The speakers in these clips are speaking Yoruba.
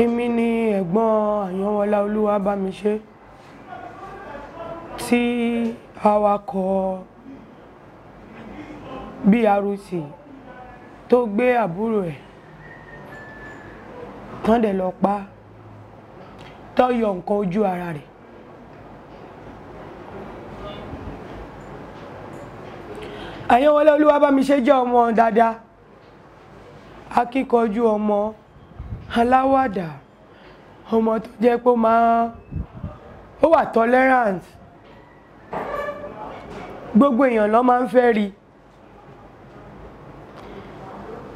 èmi ni ẹ̀gbọ́n àyànwọlá olúwabámiṣé tí awakọ̀ BRT tó gbé àbúrò ẹ̀ tán dẹ̀ lọ pa tó yọ nǹkan ojú ara rẹ̀ àyànwọlá olúwabámiṣé jẹ́ ọmọ dáadáa akíkanjú ọmọ aláwàdà ọmọ tó jẹ́ pé ó máa ó wà tolerant gbogbo èèyàn ló máa ń fẹ́ rí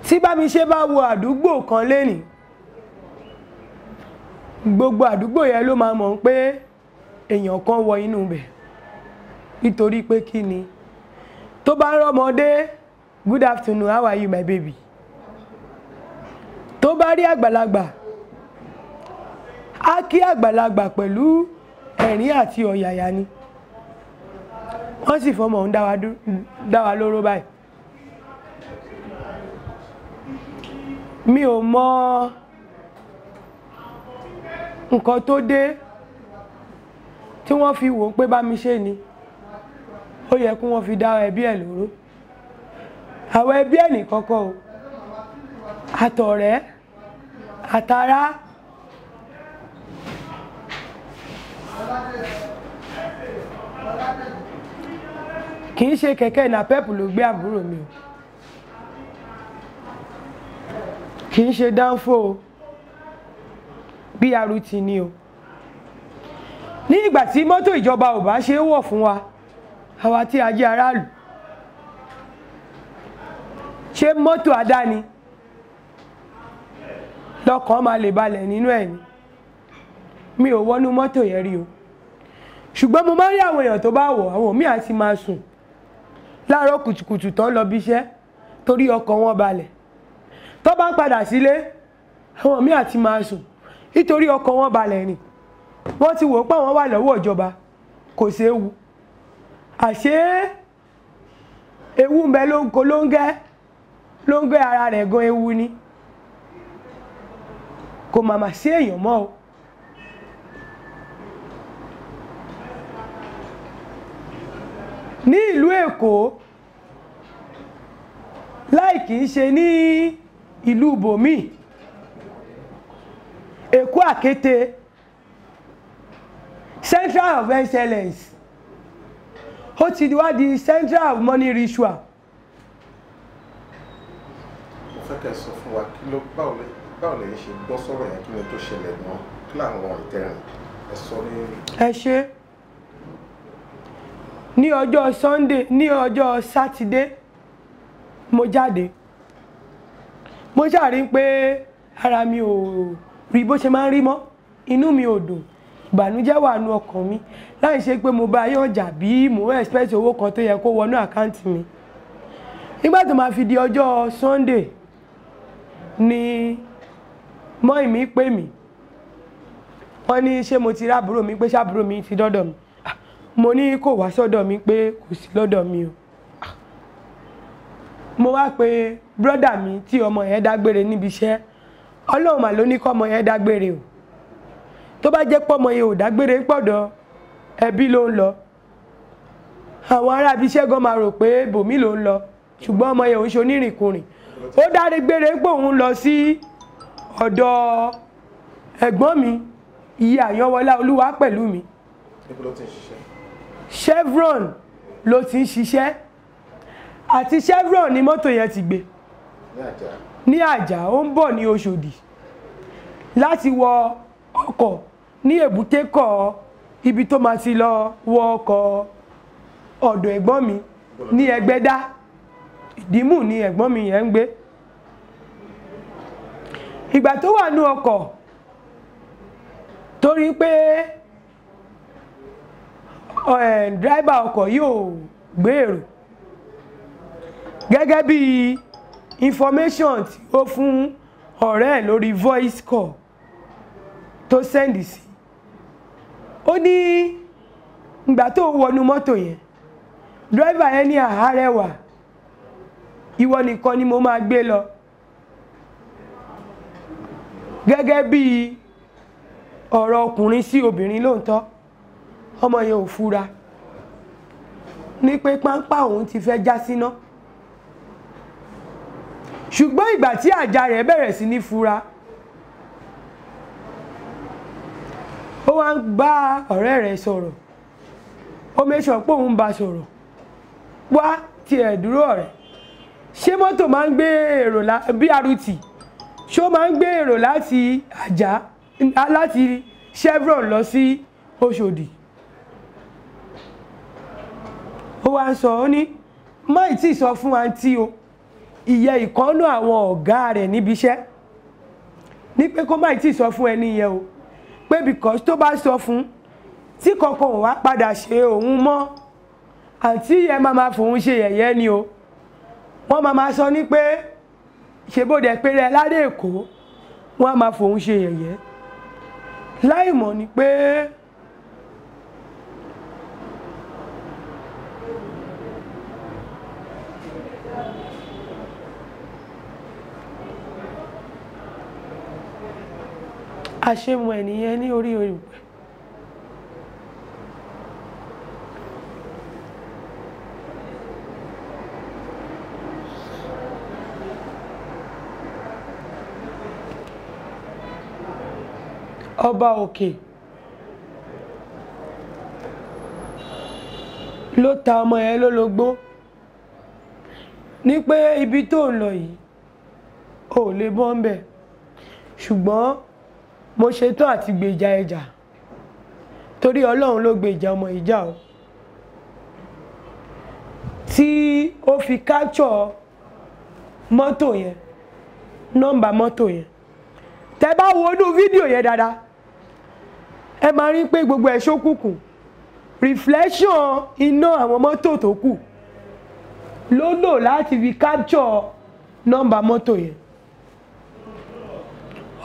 tí Bámiṣé bá wo àdúgbò kan lénìí gbogbo àdúgbò yẹn ló máa mọ̀ pé èèyàn kan wọ inú bẹ̀ nítorí pé kí ni tó bá ń rọ́mọdé good afternoon how are you my baby tó bá rí àgbàlagbà á kí àgbàlagbà pẹ̀lú ẹ̀rín àti ọ̀yàyà ni wọ́n sì fọmọ ń dá wa lóró báyìí mi ò mọ nǹkan tó dé tí wọ́n fi wò ó pé bá mi ṣe ni ó yẹ kí wọ́n fi dá ẹbí ẹ̀ lóró àwọn ẹbí ẹ̀ nìkọ́kọ́ o àtọ̀rẹ́ àtàrà kì í ṣe kẹ̀kẹ́ ìnàpẹ́pù ló gbé àbúrò mi o kì í ṣe dánfò o BRT ni o ní ìgbà tí mọ́tò ìjọba ò bá ṣe é wọ̀ fún wa àwa tí a jẹ́ aráàlú ṣé mọ́tò ni. lọ́kàn máa lè balẹ̀ nínú ẹ̀ ni mi ò wọnú mọ́tò yẹn rí o ṣùgbọ́n mo máa ń rí àwọn èèyàn tó bá wọ̀ àwọn míì á ti máa sùn láàárọ̀ kùtùkùtù tán lọ bí iṣẹ́ torí ọkàn wọn balẹ̀ tó bá ń padà sílé àwọn míì á ti máa sùn nítorí ọkàn wọn balẹ̀ ni wọ́n ti wò ó pé àwọn wà lọ́wọ́ ìjọba kò séwu àṣé ewu ń bẹ ló ń kó ló ń gẹ́ ló ń gẹ́ ara rẹ̀ gan ewu ni kò màmá sí èèyàn mọ́ o. ní ìlú èkó láì kì í ṣe ní ìlú bòmí èkó àkété central of excellence ó ti wá di central of money ritual. mo fẹ́ kẹ́ ẹ sọ fún wa kí ló báwo lẹ́yìn. báwo lè ṣe gbọ́ sọ̀rọ̀ yẹn kí ni tó ṣẹlẹ̀ náà kí làwọn ìtẹ̀rìn ẹ sọ ní. ẹ ṣe ní ọjọ́ Sunday ní ọjọ́ sátidé mo jáde mo ṣàrí pé ara mi ò rí bó ṣe máa ń rí mọ́ inú mi ò dùn ìbànújẹ́ wà ọkàn mi láì ṣe pé mo bá yàn jà bí mo expect owó kan tó yẹ kó wọnú àkáǹtì mi nígbà tó máa fi di ọjọ́ Sunday ni mọ́ ìmí pè mí wọ́n ní ṣé mo ti rábúrò mi pé ṣábúrò mi ti dọ́dọ̀ mi ah, mo ní kò wá sọ́dọ̀ mi pé kò sí lọ́dọ̀ mi o ah, mo wá pe brọ́dà mi tí ọmọ yẹn dágbére níbi iṣẹ́ ọlọ́run mà ló ní kọ́ ọmọ yẹn dágbére o tó bá jẹ́ pọ́ ọmọ yẹn ò dágbére pọ̀dọ̀ ẹbí ló ń lọ àwọn ará ibi iṣẹ́ gan máa rò pé bòmí ló ń lọ ṣùgbọ́n ọmọ yẹn ò ń ṣe onírìnkùnrin ó dágbére pé òun lọ sí. Si ọ̀dọ̀ ẹ̀gbọ́n mi iye àyànwọlá olúwa pẹ̀lú mi chevron ló ti ń ṣiṣẹ́ àti chevron ni mọ́tò yẹn ti gbé ní àjà ó ń bọ̀ ní oṣòdì láti wọ ọkọ̀ ní èbútékọ̀ ibi tó máa ti lọ wọ ọkọ̀ ọ̀dọ̀ ẹ̀gbọ́n mi ní ẹgbẹ́dá ìdímù ni ẹ̀gbọ́n mi yẹn ń gbé. ìgbà tó wà nú ọkọ̀ torí pé eh, dráìbà ọkọ̀ yóò gbé èrò gẹ́gẹ́ bí information tí ó fún ọ̀rẹ́ ẹ̀ lórí voice call tó sẹ́ndì sí ó ní ìgbà tó wọnú mọ́tò yẹn dráìbà yẹn ní àárẹ̀ ìwọ nìkan ni mo máa gbé lọ. gẹ́gẹ́ bí ọ̀rọ̀ ọkùnrin sí obìnrin lóòótọ́ ọmọ yẹn ò fura ní pé páńpá òun ti fẹ́ já síná ṣùgbọ́n ìgbà tí àjà rẹ̀ bẹ̀rẹ̀ sí ní fura ó wá ń bá ọ̀rẹ́ rẹ̀ sọ̀rọ̀ ó mẹ́sàn pé òun bá sọ̀rọ̀ wá tiẹ̀ dúró ọ̀rẹ́ ṣé mọ́tò máa ń gbé èrò bí arútì ṣó máa ń gbé èrò láti àjà láti chevron lọ sí Òṣòdì ó wá ń sọ ó ní máì tí sọ fún àǹtí o ìyẹ ìkọ́nú àwọn ọ̀gá rẹ̀ níbi iṣẹ́ ní pé kó máì tí sọ fún ẹni yẹn o pé because tó bá sọ fún tí kankan ò wá padà ṣe òun mọ́ àǹtí yẹn máa ma fòun ṣe yẹ̀yẹ́ ni o wọ́n máa ma sọ ní pé ṣe bó dẹ̀ pé rẹ ládé èkó wọ́n á máa fòun ṣe yẹ̀yẹ́ láì ni pé àṣemọ̀ ènìyàn ní orí òyìnbó ọba òkè ló ta ọmọ yẹn lólobó ní pé ibi tó ń lọ yìí ò lè bọ́ ń bẹ̀ ṣùgbọ́n mo ṣetán àti gbèjà ẹjà torí ọlọ́run ló gbèjà ọmọ ìjà o tí ó fi capture mọ́tò yẹn nọ́mbà mọ́tò yẹn tẹ bá wo inú fídíò yẹn dáadáa ẹ máa rí pé gbogbo ẹ̀ ṣókùnkùn reflection iná àwọn mọ́tò tó kù ló lò láti fi capture nọ́mbà mọ́tò yẹn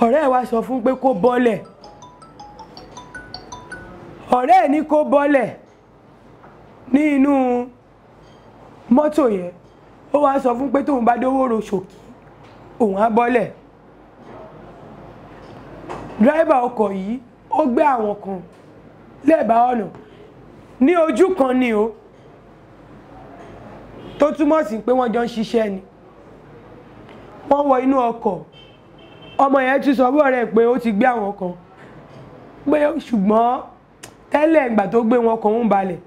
ọ̀rẹ́ ẹ̀ wá sọ fún pé kó bọ́lẹ̀ ọ̀rẹ́ ẹ̀ ní kó bọ́lẹ̀ ní inú mọ́tò yẹn ó wá sọ fún pé tóun bá dówó ro ṣòkì òun á bọ́lẹ̀ dírẹ́bà ọkọ̀ yìí ó gbé àwọn kan lẹ́bàá ọ̀nà ní ojú kan ni o tó túmọ̀ sí pé wọ́n jọ ń ṣiṣẹ́ ni wọ́n wọ inú ọkọ̀ ọmọ yẹn ti sọ bọ́ọ̀ rẹ̀ pé ó ti gbé àwọn kan pé ṣùgbọ́n tẹ́lẹ̀ ìgbà tó gbé wọn kan ń balẹ̀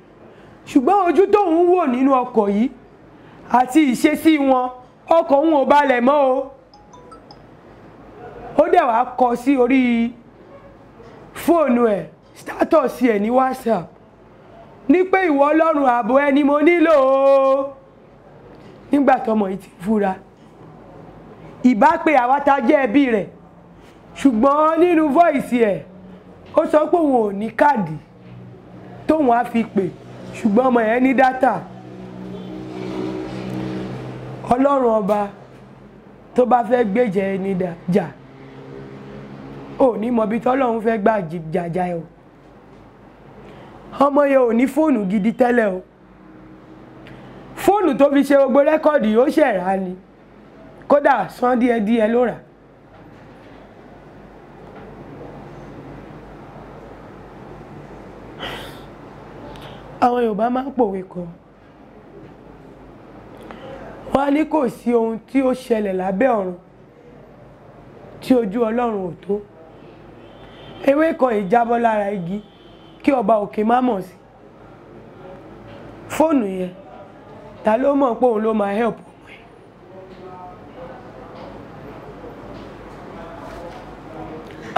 ṣùgbọ́n ojú tóun wò nínú ọkọ̀ yìí àti ìṣesí wọn ọkọ̀ òun ò balẹ̀ mọ́ o ó dẹ̀ wá kọ sí orí fóònù ẹ̀ sítátọ̀sì ẹ̀ ní whatsapp ní pé ìwọ ọlọ́run ààbò ẹni mo nílò o nígbà tọmọ yìí ti fura ìbá pé àwa ta jẹ́ ẹbí rẹ̀ ṣùgbọ́n nínú voice ẹ̀ ó sọ pé òun ò ní káàdì tóun á fi pè ṣùgbọ́n ọmọ yẹn ní dátà ọlọ́run ọba tó bá fẹ́ gbèjà ẹni jà. Ja ò ní mọ ibi tọ́lọ́run fẹ́ gbà jàjà ẹ o ọmọ yẹn ò ní fóònù gidi tẹ́lẹ̀ o fóònù tó fi ṣe gbogbo rẹ́kọ̀dì ó ṣẹ̀ rà ni kódà san díẹ̀díẹ̀ ló rà àwọn Yorùbá máa ń pòwe kan wọ́n á ní kò sí ohun tí ó ṣẹlẹ̀ lábẹ́ ọ̀run tí ojú Ọlọ́run ò tó ewé kan ìjábọ́ lára igi kí ọba òkè má mọ̀ sí fóònù yẹn ta ló mọ̀ pé òun ló máa help ọmọ yẹn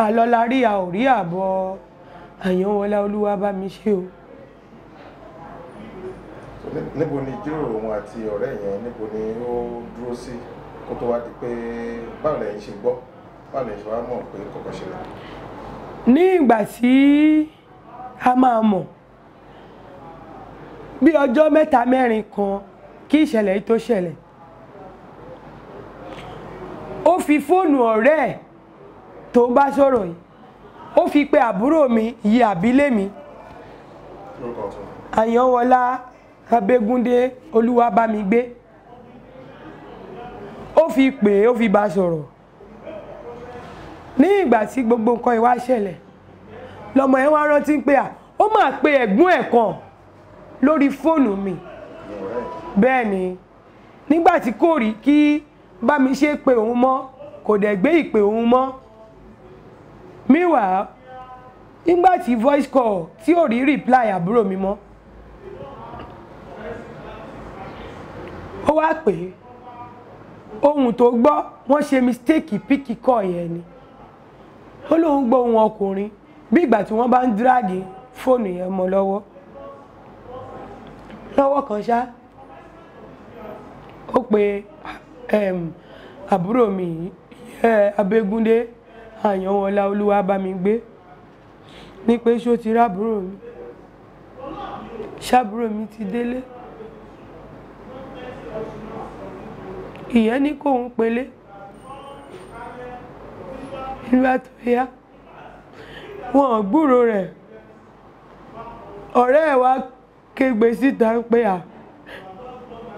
àlọ́la rí a ò rí àbọ̀ àyànwọlá olúwa bá mi ṣe o. níbo ni ìjíròrò wọn àti ọ̀rẹ́ yẹn níbo ni ó dúró sí kó tó wá di pé báwo lẹ́yìn ṣe gbọ́ báwo lẹ́yìn ṣe wá mọ̀ pé kọ̀kọ́ ṣe rẹ̀ ní ìgbà tí a máa mọ̀ bí ọjọ́ mẹ́ta mẹ́rin kan kí ìṣẹ̀lẹ̀ yìí tó ṣẹlẹ̀ ó fi fóònù ọ̀rẹ́ ẹ̀ tó bá sọ̀rọ̀ yìí ó fi pe àbúrò mi yí àbílẹ̀ mi àyànwọlá abégúndé olúwabámigbé ó fi pè é ó fi bá sọ̀rọ̀ ní ìgbà tí gbogbo nǹkan ìwà ṣẹlẹ̀ lọmọ yẹn wá rántí pé à ó máa pe ẹ̀gbọ́n ẹ̀ kan lórí fóònù mi bẹ́ẹ̀ ni nígbà tí kò rí kí bá mi ṣe pé òun mọ́ kò dẹ̀ gbé ìpè òun mọ́ meanwhile nígbà tí voice call tí ò rí reply àbúrò mi mọ́ ó wá pè é ohun tó gbọ́ wọ́n ṣe mistake píkì kọ́ yẹn ni ó lóun gbọ́ ohun ọkùnrin bí ìgbà tí wọ́n bá ń díráàgì fóònù yẹn mọ́ lọ́wọ́ lọ́wọ́ kan ṣá ó pe àbúrò mi Abégúndé Àyànwọlá olúwa bá mi gbé ní pé ṣó ti rábúrò mi ṣàbúrò mi ti délé ìyẹn ní kóun pelé nígbà tó yá wọn ò gbúrò rẹ̀ ọ̀rẹ́ ẹ̀ wá kégbe síta pé à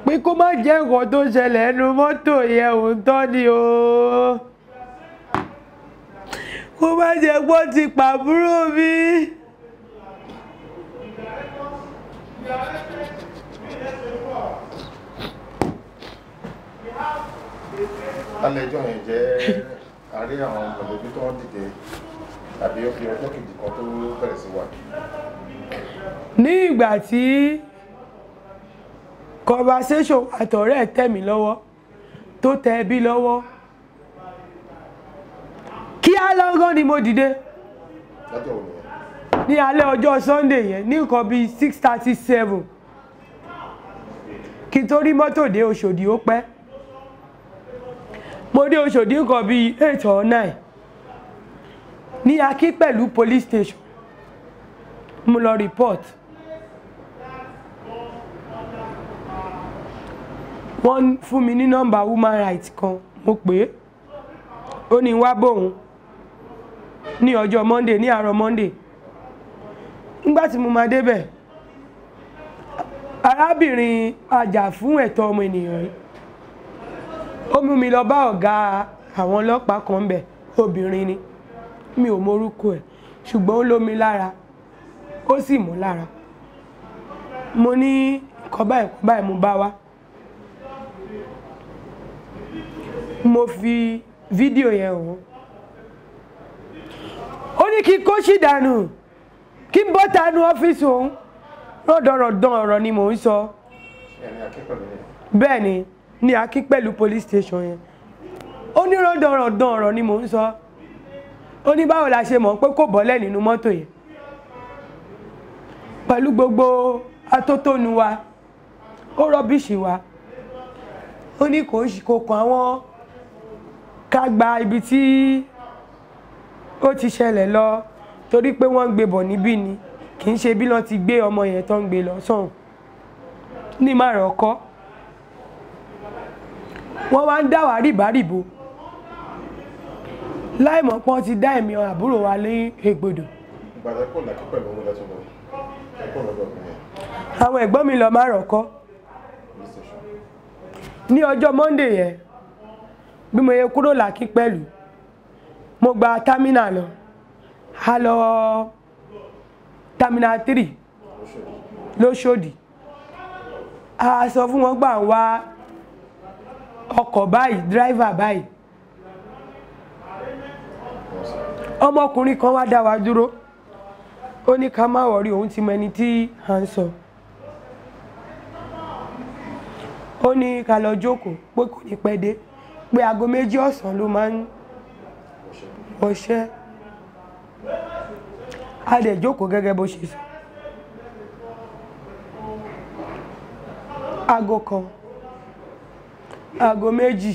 pé kó má jẹ́ nǹkan tó ṣẹlẹ̀ ẹnu mọ́tò yẹn òun ni o kó má jẹ́ pọ́ ti pàbúrò mi. alẹ́jọ́ yẹn jẹ́ a rí àwọn mọ̀lẹ́bí tó ń dìde tàbí ó fi ọjọ́ kejì kan tó bẹ̀rẹ̀ sí wà. ní ìgbà tí conversation àtọ̀rẹ́ ẹ̀ tẹ̀ mí lọ́wọ́ tó tẹ ẹbí lọ́wọ́ kíá lọ́gán ni mo dìde ní alẹ́ ọjọ́ Sunday yẹn ní nǹkan bíi six thirty seven kí n tó rí mọ́tò dé Òṣòdì ó pẹ́. mo dé Òṣòdì nǹkan eight or nine ní Akínpẹ̀lú police station mo lọ report wọ́n fún mi ní nọ́mbà human rights kan mo pè é ó ní wá bóun ní ọjọ́ Monday ní àárọ̀ Monday nígbà tí mo máa débẹ̀ arábìnrin fún ẹ̀tọ́ ọmọ ènìyàn yìí ó mú mi lọ bá ọ̀gá àwọn ọlọ́pàá kan ń bẹ̀ obìnrin ni mi ò mọrúkọ ẹ̀ ṣùgbọ́n ó lómi lára ó sì mú lára mo ní nǹkan báyìí nǹkan báyìí mo bá wá mo fi fídíò yẹn hàn ó ní kí kó sì dànù kí bọ́tà nu ọ́fíìsì òun rọ̀dọ̀rọ̀dọ̀ ọ̀rọ̀ ni mò ń sọ bẹ́ẹ̀ ni ní Akínpẹ̀lú police station yẹn ó ní rọ́ndọ̀rọ̀dàn ọ̀rọ̀ ni mò ń sọ ó ní báwo la ṣe mọ̀ pé kò bọ́lẹ̀ nínú mọ́tò yẹn pẹ̀lú gbogbo atótónu wa ó rọ́bìṣì wa ó ní kò kò kàn àwọn ká gba ibi tí ó ti ṣẹlẹ̀ lọ torí pé wọ́n ń gbé bọ̀ níbí ni kì í ṣe bí wọ́n ti gbé ọmọ yẹn tó gbé lọ sọ́hùn ní márùn ọkọ́ wọ́n wá ń dá wa rìbárìbò láìmọ̀ pọ́n ti dá ẹ̀mí àbúrò wa lé egbodò. àwọn ẹ̀gbọ́n mi lọ máa rọ̀kọ́ ní ọjọ́ Monday yẹn bí mo yẹ kúrò làkí pẹ̀lú mo gba támínà lọ a lọ támínà three lóṣòdì a sọ fún wọn gbà wá ọkọ̀ báyìí dírẹ́fà báyìí ọmọkùnrin kan wá dá wa dúró ó ní ká má wọrí òun ti mọ ẹni tí à ń sọ ó ní ká lọ jókòó pé kò ní pẹ́ dé pé aago méjì ọ̀sán ló máa ń wọṣẹ́ a dẹ̀ jókòó gẹ́gẹ́ bó ṣe sọ aago kan aago méjì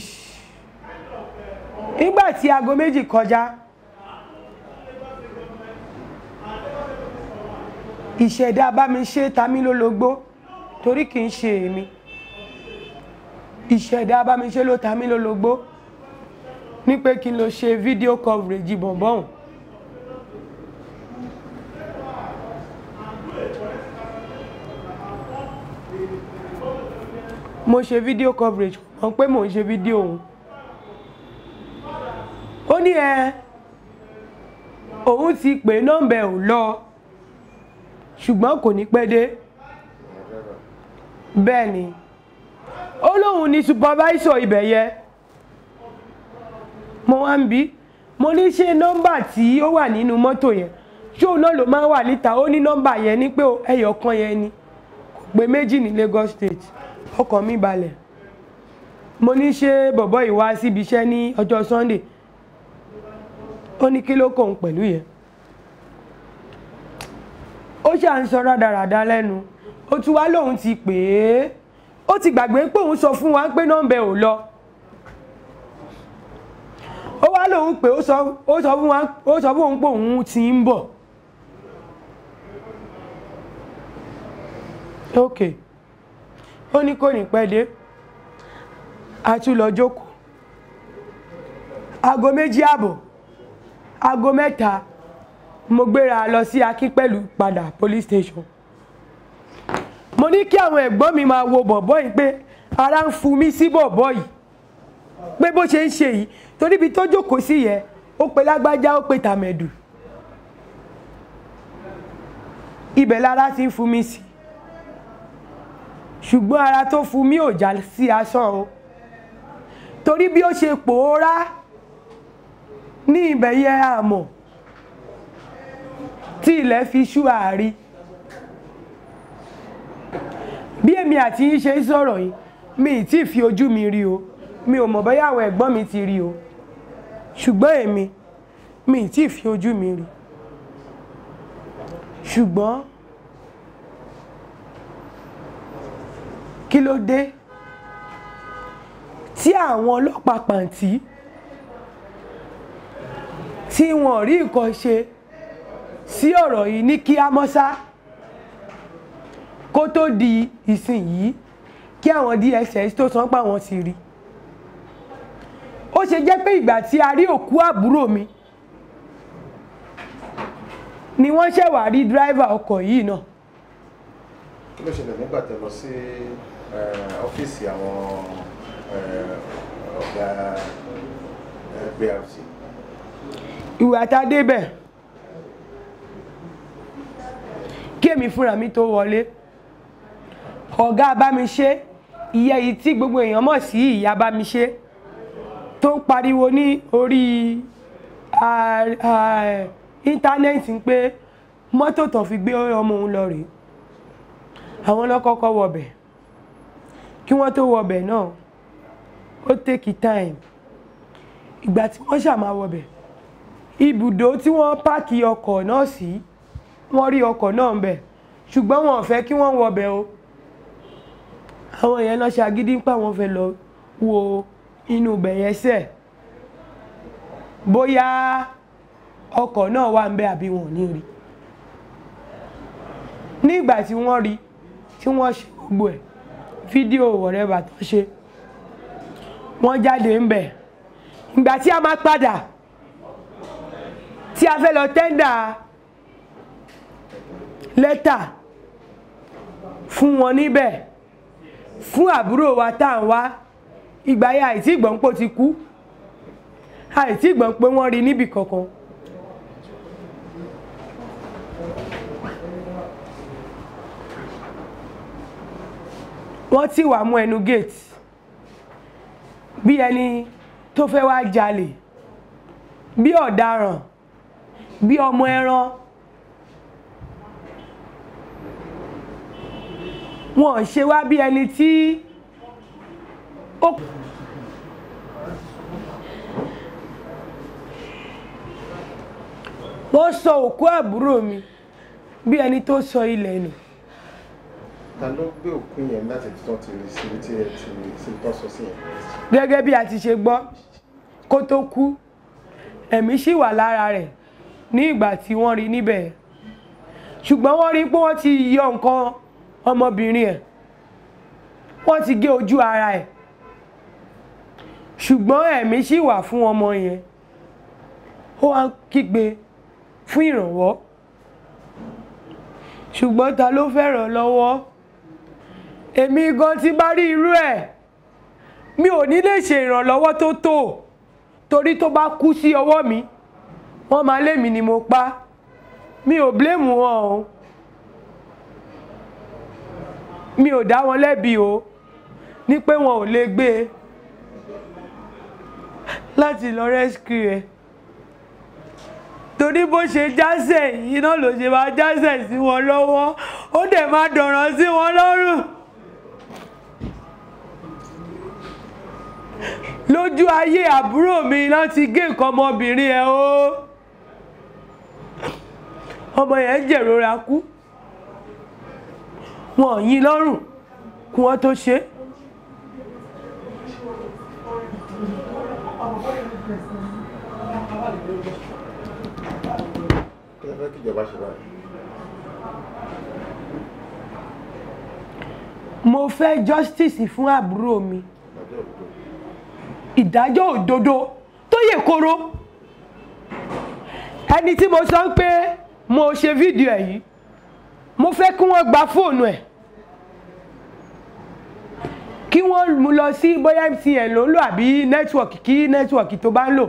nígbà tí aago méjì kọjá ìṣẹ̀dá bá mi ṣe ta torí kì í ṣe èmi ìṣẹ̀dá bá mi ṣe ló ta mí lólobó ní pé kí n lọ ṣe fídíò coverage bọ̀bọ̀n. mo ṣe fídíò coverage wọn pé mò ń ṣe fídíò òun ó ní ẹ òun ti pè nọ́mbà ò lọ ṣùgbọ́n kò ní pẹ́ dé bẹ́ẹ̀ ni ó lóun ni supervisor ibẹ̀ yẹ mo wá ń bí mo ní ṣe nọ́mbà tí ó wà nínú mọ́tò yẹn ṣóò náà ló máa ń wà níta ó ní nọ́mbà yẹn ní pé ẹyọ kan yẹn ni pé méjì ní Lagos State ọkàn mi balẹ̀ mo ní ṣe bọ̀bọ̀ ìwá síbi iṣẹ́ ní ọjọ́ Sunday ó ní kí ló kàn pẹ̀lú yẹn ó ṣà ń sọ rádaràda lẹ́nu ó tún wá lóun ti pè é ó ti gbàgbé pé òun sọ fún wa pé nọ́mbẹ ò lọ ó wá lóun pè ó sọ fún wa ó sọ fún òun pé òun ti ń bọ̀ ok ó ní kò ní pẹ́ dé a tún lọ jókòó aago méjì ààbọ̀ aago mẹ́ta mo gbéra lọ sí Akínpẹ̀lú padà police station mo ní kí àwọn ẹ̀gbọ́n mi máa wo bọ̀bọ́ yìí pé ara ń fu mí sí bọ̀bọ́ yìí pé bó ṣe ń ṣe yìí torí ibi tó jókòó sí yẹn ó pe lágbájá ó pe tàmẹ̀dù ibẹ̀ lára ti ń fu mí sí ṣùgbọ́n ara tó fu mí ò já sí asán o torí bí ó ṣe pòórá ní ibẹ̀ yẹ àmọ̀ tí ilẹ̀ fi ṣú àárí bí èmi àti yín ṣe ń sọ̀rọ̀ yìí mi ì tí fi ojú mi rí o mi ò mọ̀ bóyá àwọn ẹ̀gbọ́n mi ti rí o ṣùgbọ́n èmi mi ì tí fi ojú mi rí ṣùgbọ́n kí ló dé tí àwọn ọlọ́pàá pàǹtí tí wọn rí nǹkan ṣe sí ọ̀rọ̀ yìí ní kí amọ́sá kó tó di ìsìn yìí kí àwọn DSS tó san pa wọn sí rí ó ṣe jẹ́ pé ìgbà tí a rí òkú àbúrò mi ni wọ́n ṣẹ̀wá rí dírìvà ọkọ̀ yìí náà. kí ló ṣẹlẹ̀ nígbà tẹ́ lọ sí ọ́fíìsì àwọn. Eh, ọ̀gá prc. ìwà tá a débẹ̀ kí èmi fúnra mi tó wọlé ọ̀gá abámiṣe ìyẹ́ yìí tí gbogbo èèyàn mọ̀ sí ìyá abámiṣe tó ń pariwo ní orí íńtánẹ́ẹ̀tì pé mọ́tò tó fi gbé ọmọ òun lọ rèé àwọn lọ́kọ́kọ́ wọbẹ̀ kí wọ́n tó wọbẹ̀ náà. No ó take time ìgbà tí wọ́n ṣàmà wọbẹ̀ ibùdó tí wọ́n páàkì ọkọ̀ náà sí wọ́n rí ọkọ̀ náà ń bẹ̀ ṣùgbọ́n wọn ò fẹ́ kí wọ́n wọbẹ̀ o àwọn yẹn lọ ṣàgídí ń pa wọn fẹ́ lọ wo inú ibẹ̀ yẹn sẹ̀ bóyá ọkọ̀ náà wà ń bẹ̀ àbí wọn ò ní rí nígbà tí wọ́n rí tí wọ́n ṣe gbogbo ẹ̀ fídíò whatever tó ṣe wọ́n jáde ń bẹ̀ ìgbà tí a máa padà tí a fẹ́ lọ tẹ́ndà lẹ́tà fún wọn níbẹ̀ fún àbúrò wa tá à ń wá ìgbà yẹn àìtí ìgbọ̀npọ̀ ti kú àìtí ìgbọ̀npọ̀ wọ́n rí níbì kankan. wọ́n ti wà mú ẹnu gate bí ẹni tó fẹ́ wá jalè bí ọ̀daràn bí ọmọ ẹran wọn ò ṣe wá bí ẹni tí ó. wọ́n sọ òkú àbúrò mi bí ẹni tó sọ ilẹ̀ nù ta ló gbé òkú yẹn láti tí ti rí sí tí ẹ ti rí sí tó sọ sí yẹn. gẹ́gẹ́ bí a ti ṣe gbọ́ kó tó kú ẹ̀mí ṣì wà lára rẹ̀ ní ìgbà tí wọ́n rí níbẹ̀ ṣùgbọ́n wọ́n rí pé wọ́n ti yọ nǹkan ọmọbìnrin ẹ̀ wọ́n ti gé ojú ara ẹ̀ ṣùgbọ́n ẹ̀mí ṣì wà fún ọmọ yẹn ó wá kígbe fún ìrànwọ́ ṣùgbọ́n ta ló fẹ́ràn lọ́wọ́ èmi gan ti bá rí irú ẹ̀ mi ò ní lè ṣe ìrànlọ́wọ́ tó tó torí tó bá kú sí ọwọ́ mi wọ́n máa lémi ni mo pa mi ò bléèmù wọn o mi ò dá wọn lẹ́bi o ní pé wọn ò lè gbé e láti lọ rescue ẹ torí bó ṣe jásẹ̀ yìí náà ló ṣe máa jásẹ̀ sí wọn lọ́wọ́ ó dẹ̀ máa dọ̀ràn sí wọn lọ́rùn. lójú ayé àbúrò mi láti gé nǹkan ọmọbìnrin ẹ o ọmọ yẹn jẹ̀rora kú wọn ò yín lọ́rùn kí wọ́n tó ṣe mo fẹ́ justice fún àbúrò mi ìdájọ́ òdodo tó yè koro ẹni tí mo sọ pé mo ṣe fídíò ẹ̀ yìí mo fẹ́ kí wọ́n gba fóònù ẹ̀ kí wọ́n mú lọ sí bóyá MTN ló ń lò àbí nẹ́tíwọ̀kì kí nẹ́tíwọ̀kì tó bá ń lò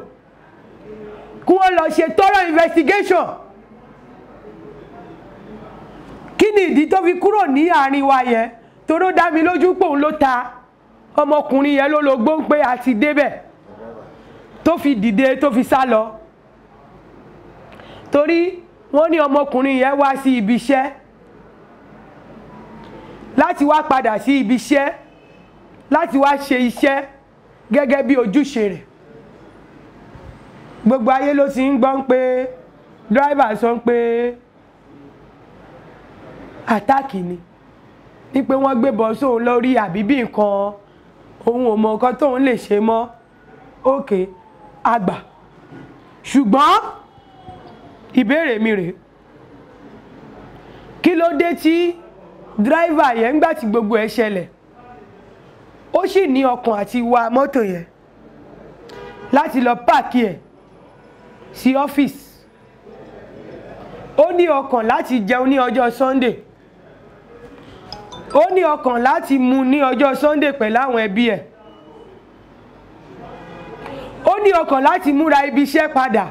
kí wọ́n lọ ṣe thorough investigation kí ni ìdí tó fi kúrò ní àárín wa yẹn toró dá mi lójú pòun ló ta ọmọkùnrin yẹn ló lógbó ń pé a ti débẹ̀ tó fi dìde tó fi sá lọ torí wọ́n ní ọmọkùnrin yẹn wá sí ibi iṣẹ́ láti wá padà sí ibi iṣẹ́ láti wá ṣe iṣẹ́ gẹ́gẹ́ bí ojúṣe rẹ̀ gbogbo ayé ló ti ń gbọ́ pé dírẹ́fà sọ pé àtàkì ni ní pé wọ́n gbébọn sóun lórí àbí bí nǹkan òun ò mọ nǹkan tóun lè ṣe mọ́ òkè àgbà ṣùgbọ́n ìbéèrè mi rèé kí ló dé tí dírìvà yẹn ńgbà tí gbogbo ẹ ṣẹlẹ̀ ó sì ní ọkàn àti wa mọ́tò yẹn láti lọ páàkì ẹ̀ sí ọ́fíìsì ó ní ọkàn láti jẹun ní ọjọ́ Sunday ó ní ọkàn láti mu ní ọjọ́ Sunday pẹ̀lú àwọn ẹbí ẹ̀ ó ní ọkàn láti múra ibi iṣẹ́ padà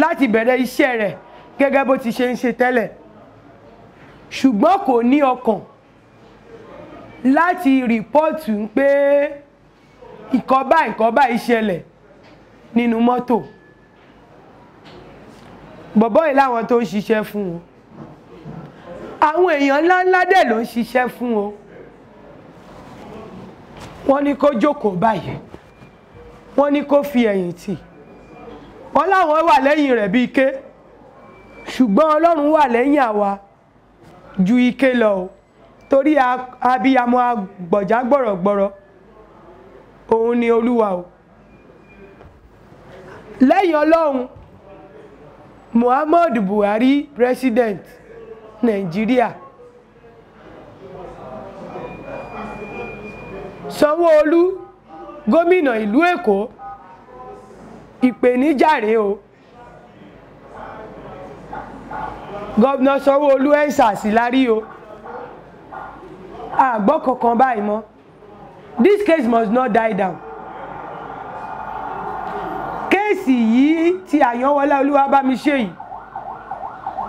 láti bẹ̀rẹ̀ iṣẹ́ rẹ̀ gẹ́gẹ́ bó ti ṣe ń ṣe tẹ́lẹ̀ ṣùgbọ́n kò ní ọkàn láti rìpọ́ọ̀tù pé nǹkan báyìí nǹkan nínú mọ́tò bọ̀bọ́ yìí láwọn tó ń ṣiṣẹ́ fún wọn àwọn èèyàn ńláńlá dẹ̀ ló ń ṣiṣẹ́ fún o wọ́n ní kó jókòó báyìí wọ́n ní kó fi ẹ̀yìn tì wọ́n láwọn wà lẹ́yìn rẹ̀ bí ike ṣùgbọ́n ọlọ́run wà lẹ́yìn àwa ju ike lọ o torí abiyamọ agbọ̀já gbọ̀rọ̀gbọ̀rọ̀ òun ni olúwa o lẹ́yìn ọlọ́run Muhammadu Buhari president nàìjíríà sanwó-olu gómìnà ìlú èkó ìpèníjà rèé o gọ́vnà sanwó-olu ẹ́ńsà sí lárí o àgbọ́ kankan báyìí mọ́ this case must not die down kéèsì yìí tí Àyànwọlá Olúwabámiṣẹ́ yìí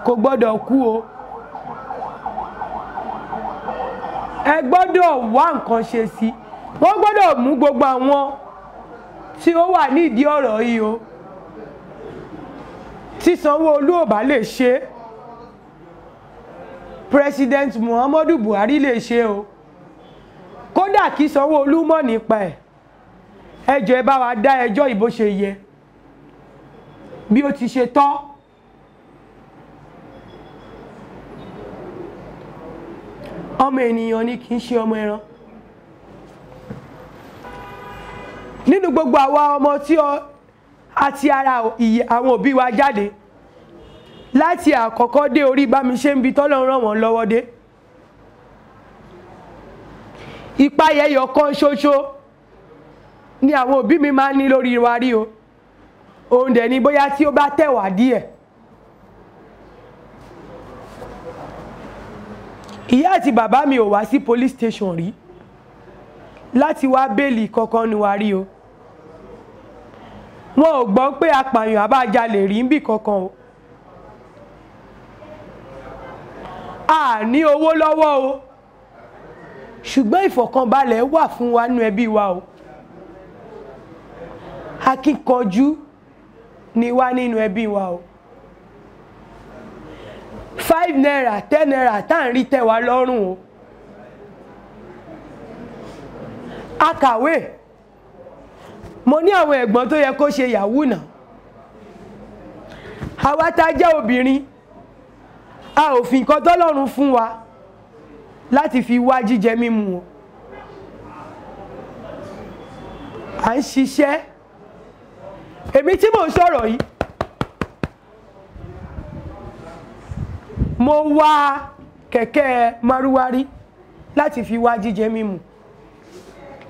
kò gbọ́dọ̀ kú o. ẹ gbọ́dọ̀ wá nǹkan ṣe sí wọ́n gbọ́dọ̀ mú gbogbo àwọn tí ó wà nídìí ọ̀rọ̀ yìí o tí Sanwó-Olú ò bá lè ṣe President Muhammadu Buhari lè ṣe o kódà kí Sanwó-Olú mọ̀ nípa ẹ̀ ẹjọ́ ẹ bá wa dá ẹjọ́ ìbò ṣe yẹ bí ó ti ṣe tọ́. ọmọ ènìyàn ni kì í ṣe ọmọ ẹran nínú gbogbo àwa ọmọ tí àti ara àwọn òbí wa jáde láti àkọ́kọ́ dé orí bá mi ṣe ń bi tọ́lọ́run ràn wọ́n lọ́wọ́ dé ìpayẹyọ kan ṣoṣo ni àwọn òbí mi máa ń ní lórí wa rí o òun ni bóyá tí ó bá tẹ̀ díẹ̀ ìyá àti bàbá mi ò wá sí police station rí láti wá bẹ́ẹ̀lì kankan ni wá rí o wọn ò gbọ́ pé apààyàn àbájalè rí níbì kankan o a ní owó lọ́wọ́ o ṣùgbọ́n ìfọ̀kànbalẹ̀ wà fún wa nínú ẹbí wa o akíkanjú ni wá nínú ẹbí wa o five naira ten naira tá à ń rí tẹ́ wa lọ́rùn o akàwé mo ní àwọn ẹ̀gbọ́n tó yẹ kó ṣe yahoo náà àwa tá a jẹ́ obìnrin a ò fi nǹkan tọ́lọ́run fún wa láti fi wá jíjẹ mímu o à ń ṣiṣẹ́ èmi tí mò ń sọ̀rọ̀ yìí mo wá kẹ̀kẹ́ márúwárí láti fi wá jíjẹ mímu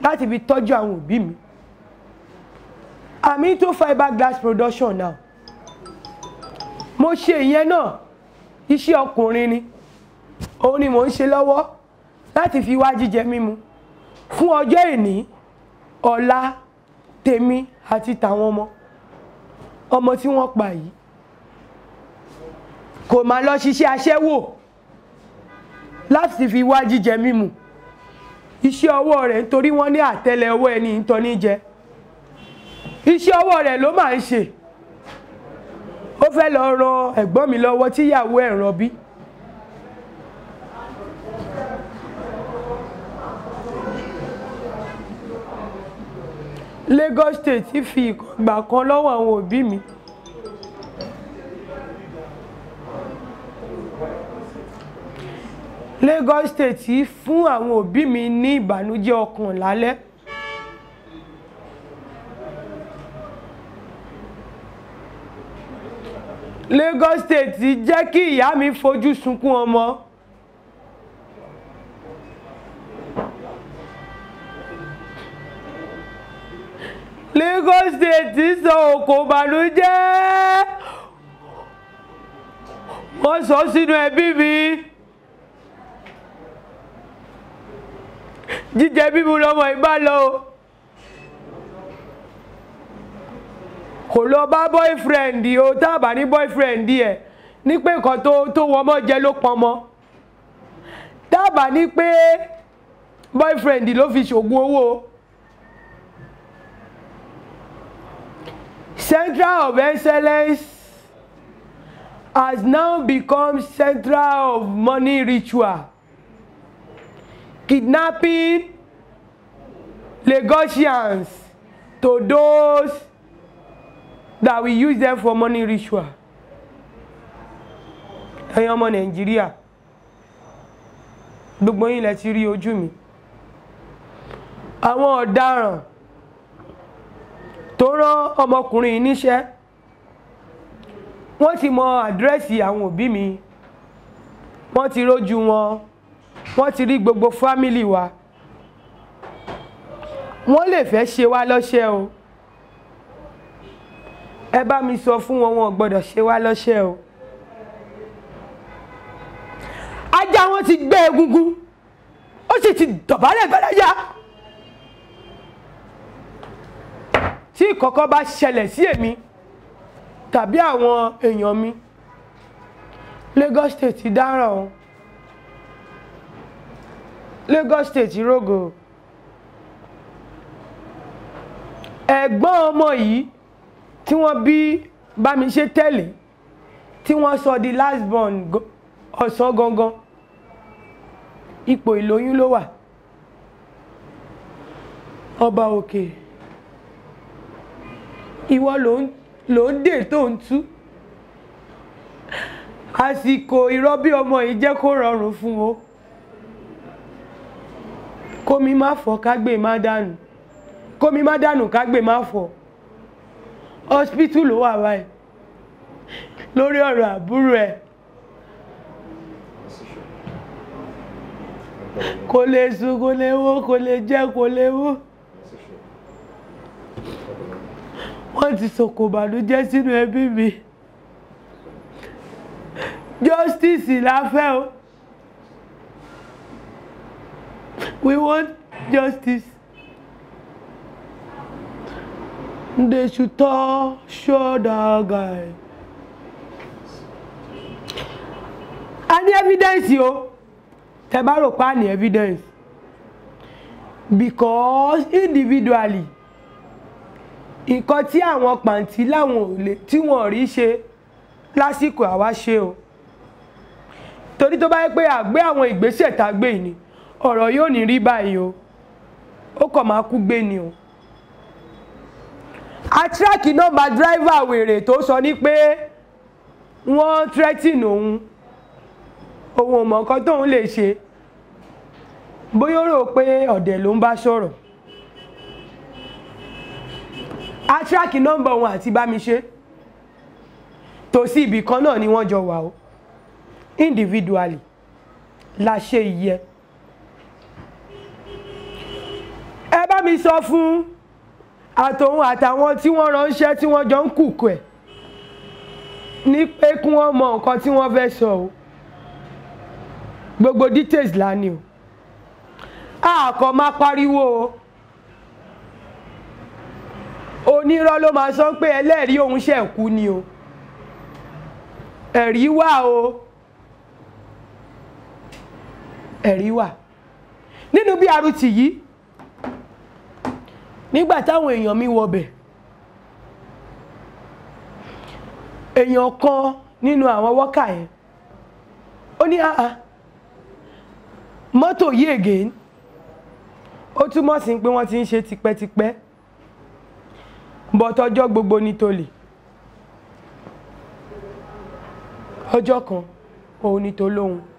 láti fi tọ́jú àwọn òbí mi I'm into fiberglass production now mo ṣe ìyẹn náà iṣẹ́ ọkùnrin ni òun ni mò ń ṣe lọ́wọ́ láti fi wá jíjẹ mímu fún ọjọ́ ìní ọ̀la tèmi àti tàwọn ọmọ ọmọ tí wọ́n pa yìí kò máa lọ ṣiṣẹ́ aṣẹ́wò láti fi wá jíjẹ mímu iṣẹ́ ọwọ́ rẹ̀ nítorí wọ́n ní àtẹ́lẹ̀ ọwọ́ ẹni ìtọ́ ní jẹ iṣẹ́ ọwọ́ rẹ̀ ló máa ń ṣe ó fẹ́ lọ ran ẹ̀gbọ́n mi lọ́wọ́ tíyàwó ẹ̀ ràn bí. Lagos State fi ìgbà kan lọ́wọ́ àwọn òbí mi. Lagos State fún àwọn òbí mi ní ìbànújẹ́ ọkàn lálẹ́ Lagos State jẹ́ kí ìyá mi fojú sunkún ọmọ Lagos State sọ òkò ìbànújẹ́ wọ́n sọ sínú ẹbí mi. jíjẹ bíbu lọmọ ìbá lọ o kò lọ bá boyfriend o tábà ní boyfriend ẹ ní pé nǹkan tó tó wọmọ jẹ ló pọnmọ tábà ní pé boyfriend ló fi ṣògùn owó Central of Excellence has now become Central of Money Ritual kidnapping Lagosians to those that we use them for money ritual. ẹ̀yin ọmọ Nàìjíríà gbogbo yín lẹ ti rí ojú mi àwọn ọ̀daràn tó rán ọmọkùnrin níṣẹ́ wọ́n ti mọ àdírẹ́sì àwọn òbí mi wọ́n ti rójú wọn wọ́n ti rí gbogbo fámìlì wa wọ́n lè fẹ́ ṣe wá lọ́ṣẹ́ o ẹ bá mi sọ fún wọn wọn gbọ́dọ̀ ṣe wá lọ́ṣẹ́ o ajá wọn ti gbé egungun ó sì ti dọ̀bálẹ̀ gbọ́dájá tí ìkọ̀kọ̀ bá ṣẹlẹ̀ sí èmi tàbí àwọn èèyàn mi Lagos State ti dáràn o. Lagos State rogo ẹ̀gbọ́n ọmọ yìí tí wọ́n bí Bámiṣé tẹ́lẹ̀ tí wọ́n sọ di last born ọ̀sán gangan ipò ìlóyún ló wà ọba òkè ìwọ ló ń dè tó ń tú àsìkò ìrọbí ọmọ yìí jẹ́ kó rọrùn fún o kómi má fọ́ kágbè má dànù kómi má dànù kágbè má fọ́ hospital ló wà báyìí lórí ọ̀rọ̀ àbúrò ẹ̀ kò lè sùn kò lè wó kò lè jẹ kò lè wó wọ́n ti sọ̀kò bànújẹ́ sínú ẹbí mi justice la fẹ́ o. We want justice. They should show that guy. A ní evidence yo, Tẹ bá rò pa ní evidence. Because individually, nǹkan tí àwọn pàǹtí láwọn ò lè tí wọ́n rí ṣe lásìkò àwa ṣe o. Torí to bá yẹ pé àgbé a ìgbésẹ̀ tá a gbé yìí ni ọ̀rọ̀ yóò ní rí báyìí o ó kàn máa kú gbé ni o atraki nọ́mbà dráìvà wèrè tó sọ ní pé wọ́n threaten òun òun ò mọ̀ nǹkan tóun lè ṣe bóyá ó rò pé ọ̀dẹ̀ ló ń bá sọ̀rọ̀ atraki nọ́mbà òun àti bámiṣe tòsí ibì kan náà ni wọ́n jọ wà o individually la ṣe ìyẹn. mi sọ fún àtòun àtàwọn tí wọ́n ránṣẹ́ tí wọ́n jọ ń kùkù ẹ̀ ní pé kí wọ́n mọ nǹkan tí wọ́n fẹ́ sọ o gbogbo details lánìí o àkọ́ máa pariwo o onírọ́ ló máa sọ pé ẹlẹ́rìí òun ṣẹ̀ kú ni o ẹ̀rí wà o ẹ̀rí wà nínú BRT yìí nígbà táwọn èèyàn mi wọbẹ̀ èèyàn kan nínú àwọn wọ́kà yẹn ó ní àá mọ́tò yìí again ó túmọ̀ sí pé wọ́n ti ń ṣe tipẹ́tipẹ́ but ọjọ́ gbogbo ní tolè ọjọ́ kan òun ní